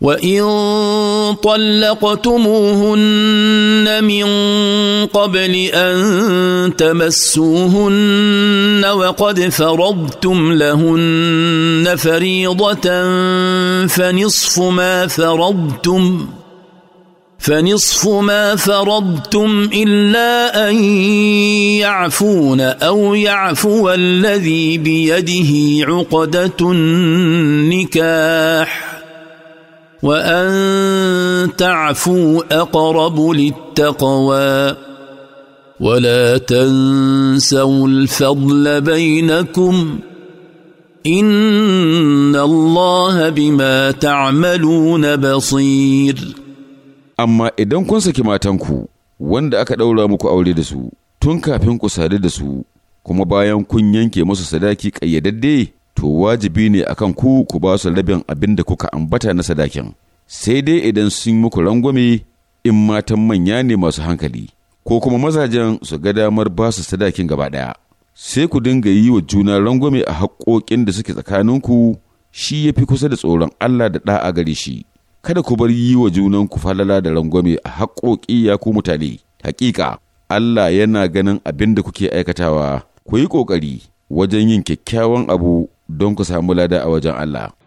وان طلقتموهن من قبل ان تمسوهن وقد فرضتم لهن فريضه فنصف ما فرضتم فنصف ما فرضتم الا ان يعفون او يعفو الذي بيده عقده النكاح وان تعفوا اقرب للتقوى ولا تنسوا الفضل بينكم ان الله بما تعملون بصير amma idan kun saki matanku wanda aka ɗaura muku aure da su tun kafin ku sadu da su kuma bayan kun yanke musu sadaki ƙayyadadde to wajibi ne a kan ku ku ba su rabin abin da kuka ambata na sadakin sai dai idan sun muku rangwame in matan manya ne masu hankali ko kuma mazajen su ga damar ba su sadakin gaba ɗaya sai ku dinga yi wa juna rangwame a haƙoƙin da suke tsakaninku shi ya fi kusa da tsoron Allah da ɗa'a gare shi kada ku bar yi wa junan ku falala da rangwame a haƙoƙi ya ku mutane haƙiƙa Allah yana ganin abin da kuke aikatawa ku yi ƙoƙari wajen yin kyakkyawan abu don ku samu lada a wajen Allah.